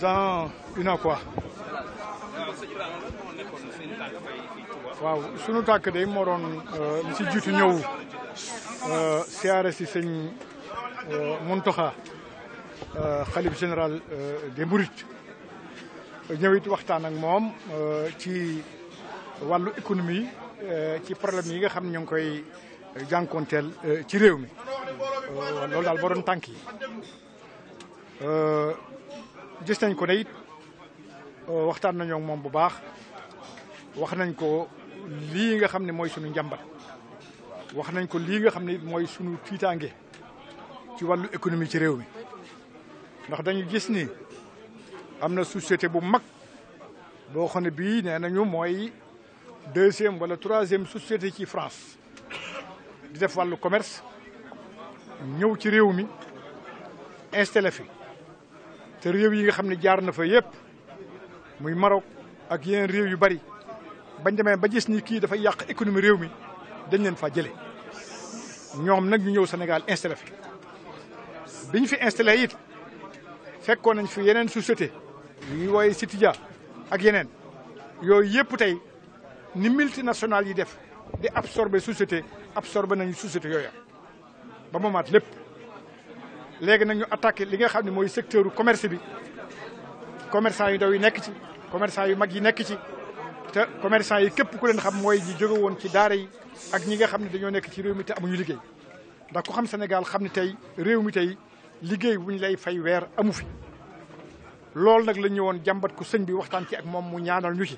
dans une an waaw sunu tàkk day moo doon euh, li si jiitu ñëw euh, siyaare si sëñ euh, Muntaxa xalif général des Mourides ñëw it waxtaan ak moom ci wàllu économie ci problème yi nga xam ñu ngi koy jànkonteel ci réew mi loolu daal boo doon tànk yi gis nañ ko ne euh, waxtaan nañoo moom bu baax wax nañ ko lii nga xam ne mooy sunu njàmbat wax nañ ko lii nga xam ne it mooy sunu tiitaange ci wàllu économie ci réew mi ndax dañu gis ni am na société bu mag boo xam ne bii nee nañu mooy deuxième wala troisième société ci France di def wàllu commerce ñëw ci réew mi installé te réew yi nga xam ne jaar na fa yëpp muy Maroc ak yeneen réew yu bari bañ demee ba gis ni kii dafay yàq économie réew mi dañ leen faa jëlee ñoom nag ñu ñëw Sénégal installé fi biñ fi installé it fekkoon nañ fi yeneen société yu wooye Citidia ak yeneen yooyu yëpp tey ni multinational yi def di absorbé société absorbé nañu société yooya ba moomaat lépp léegi nag ñu attaqué li nga xam ne mooy secteur commerce bi commerçant yu ndaw yi nekk ci commerçant yu mag yi nekk ci te commerçant yi képp ku leen xam mooy ji jóge woon ci daara yi ak ñi nga xam ne dañoo nekk ci réew mi te amuñu liggéey ndax ku xam Sénégal xam ne tey réew mi tey liggéey bu lay fay weer amu fi loolu nag la ñëwoon jambat ku sëñ bi waxtaan ci ak moom mu ñaanal ñu ci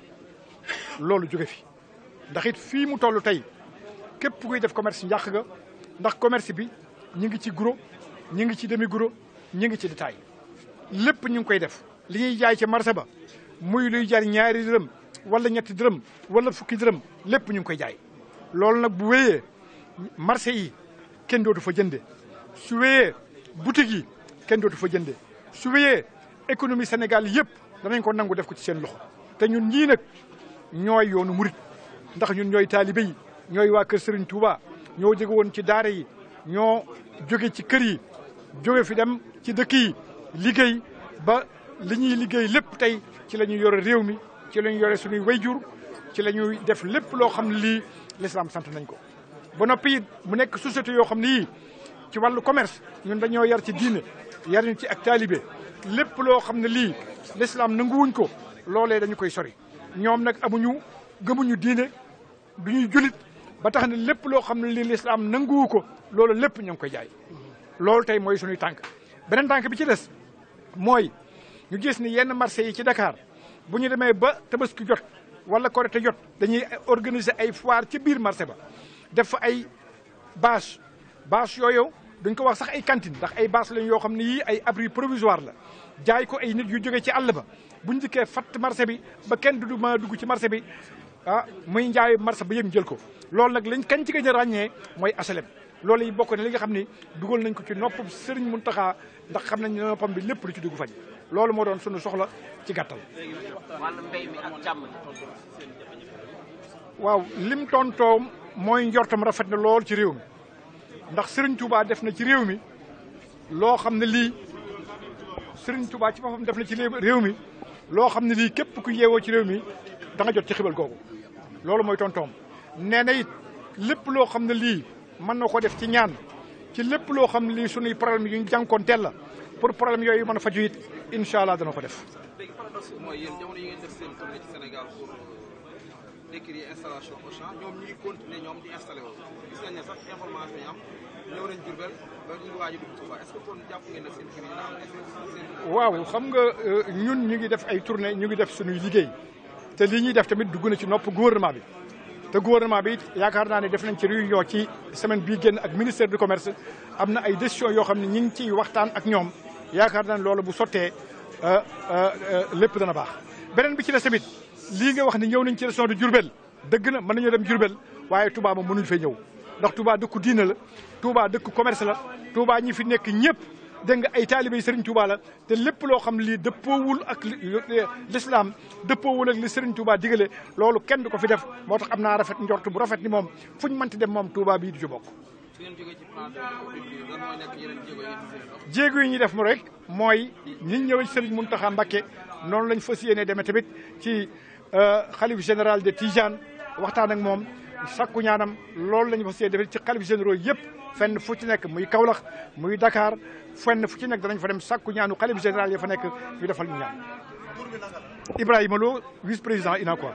loolu jóge fi ndax it fii mu toll tey képp kuy def commerce njàq ga ndax commerce bi ñu ngi ci gros ñu ngi ci demi gros ñu ngi ci détail lépp ñu ngi koy def li ñuy jaay ci marché ba muy luy jar ñaari dërëm wala ñetti dërëm wala fukki dërëm lépp ñu ngi koy jaay loolu nag bu wéyee marché yi kenn dootu fa jënde su wéyee boutique yi kenn dootu fa jënde su wéyee économie Sénégal yëpp danañ ko nangu def ko ci seen loxo te ñun ñii nag ñooy yoonu murit ndax ñun ñooy taalibe yi ñooy waa kër Serigne Touba ñoo jóge woon ci daara yi ñoo jóge ci kër yi jóge fi dem ci dëkk yi liggéey ba li ñuy liggéey lépp tey ci la ñuy yore réew mi ci la ñuy yore suñuy jur ci la ñuy def lépp loo xam ne lii lislaam sant nañ ko ba noppi it nekk société yoo xam ne ci wàllu commerce ñun dañoo yar ci diine yar ñu ci ak taalibe lépp loo xam ne lii lislaam nanguwuñ ko loolee dañu koy sori ñoom nag amuñu gëmuñu diine ñuy julit ba tax ne lépp loo xam ne lii lislaam nanguwu ko loolu lépp ñoo ngi koy jaay loolu tey mooy suñuy tànk beneen tànk bi ci des mooy ñu gis ni yenn marché yi ci Dakar bu ñu demee ba tabaski jot wala korite jot dañuy organiser ay foire ci biir marché ba def fa ay bâche bâche yooyu dañ ko wax sax ay cantine ndax ay bâche lañ yoo xam ne yii ay abri provisoire la jaay ko ay nit yu jógee ci àll ba bu njëkkee fat marché bi ba kenn du maa dugg ci marché bi ah muy njaayu marché ba yëg jël ko loolu nag lañ kañ ci gën a ràññee mooy HLM loolu yi bokk na li nga xamni ni nañ ko ci nopp serigne muntaha ndax xam nañ noppam bi lépp lu ci duggu fañ loolu mo doon sunu soxla ci gàttal. wàllu mbéy mi ak càmm waaw lim tonto moy njortam rafet na lool ci réew mi ndax serigne Touba def na ci réew mi loo xam ne lii Touba ci bopam def na ci réew mi loo xam ne lii ku yewo ci réew mi da nga jot ci xibal googu loolu moy tontoom nee na it lépp lo xamni li mën na ko def ci ñaan ci lépp loo xam lii suñuy problème yu ñu jànkoonteel la pour problème yooyu mën a faju it incha allah dana ko def. léegi paradoxe bi mooy yéen jamono yi ngeen def seen tournée ci Sénégal pour décrire installation Auchan ñoom ñuy continuer ñoom di installé wu gis nañ ne sax information yi am ñëw nañ Diourbel ba ñu ngi waaj a dugg Touba est-ce que kon jàpp ngeen ne seen kii bi dina am waaw xam nga ñun ñu ngi def ay tournée ñu ngi def suñuy liggéey te lii ñuy def tamit dugg na ci nopp gouvernement bi. te gouvernement bi yaakaar naa ne def nañ ci réunion ci semaine bii génn ak ministère du commerce am na ay décision yoo xam ne ñi ngi ciy waxtaan ak ñoom yaakaar naa ne loolu bu sottee euh, euh, lépp dana baax. beneen bi ci des tamit lii nga wax ne ñëw nañ ci région de Diourbel dëgg na mën nañoo dem Diourbel waaye Touba moom mënuñu fee ñëw ndax Touba dëkku diina la Touba dëkku commerce la Touba ñi fi nekk ñëpp. dégg nga ay taalibéy Serigne Touba la te lépp loo xam lii dëppowul ak l'islam dëppoowul ak li Serigne Touba digale loolu kenn du ko fi def moo tax am naa rafet njort bu rafet ni moom fuñ mënti dem moom Touba bii du ci bokk yi ñu def mu rek mooy ñi ñëwee ci Serigne Mountakha Mbacké noonu lañ fas yéene demee tamit ci xalif euh, général de Tijane waxtaan ak moom sakku ñaanam loolu la ñu fas yéene defee ci xalif généraux yëpp fenn fu ci nekk muy Kaolack muy Dakar fenn fu ci nekk danañ fa dem sakku ñaanu xalif général ya fa nekk ñu defal ñu ñaan Ibrahima Lo vice président UNACOIS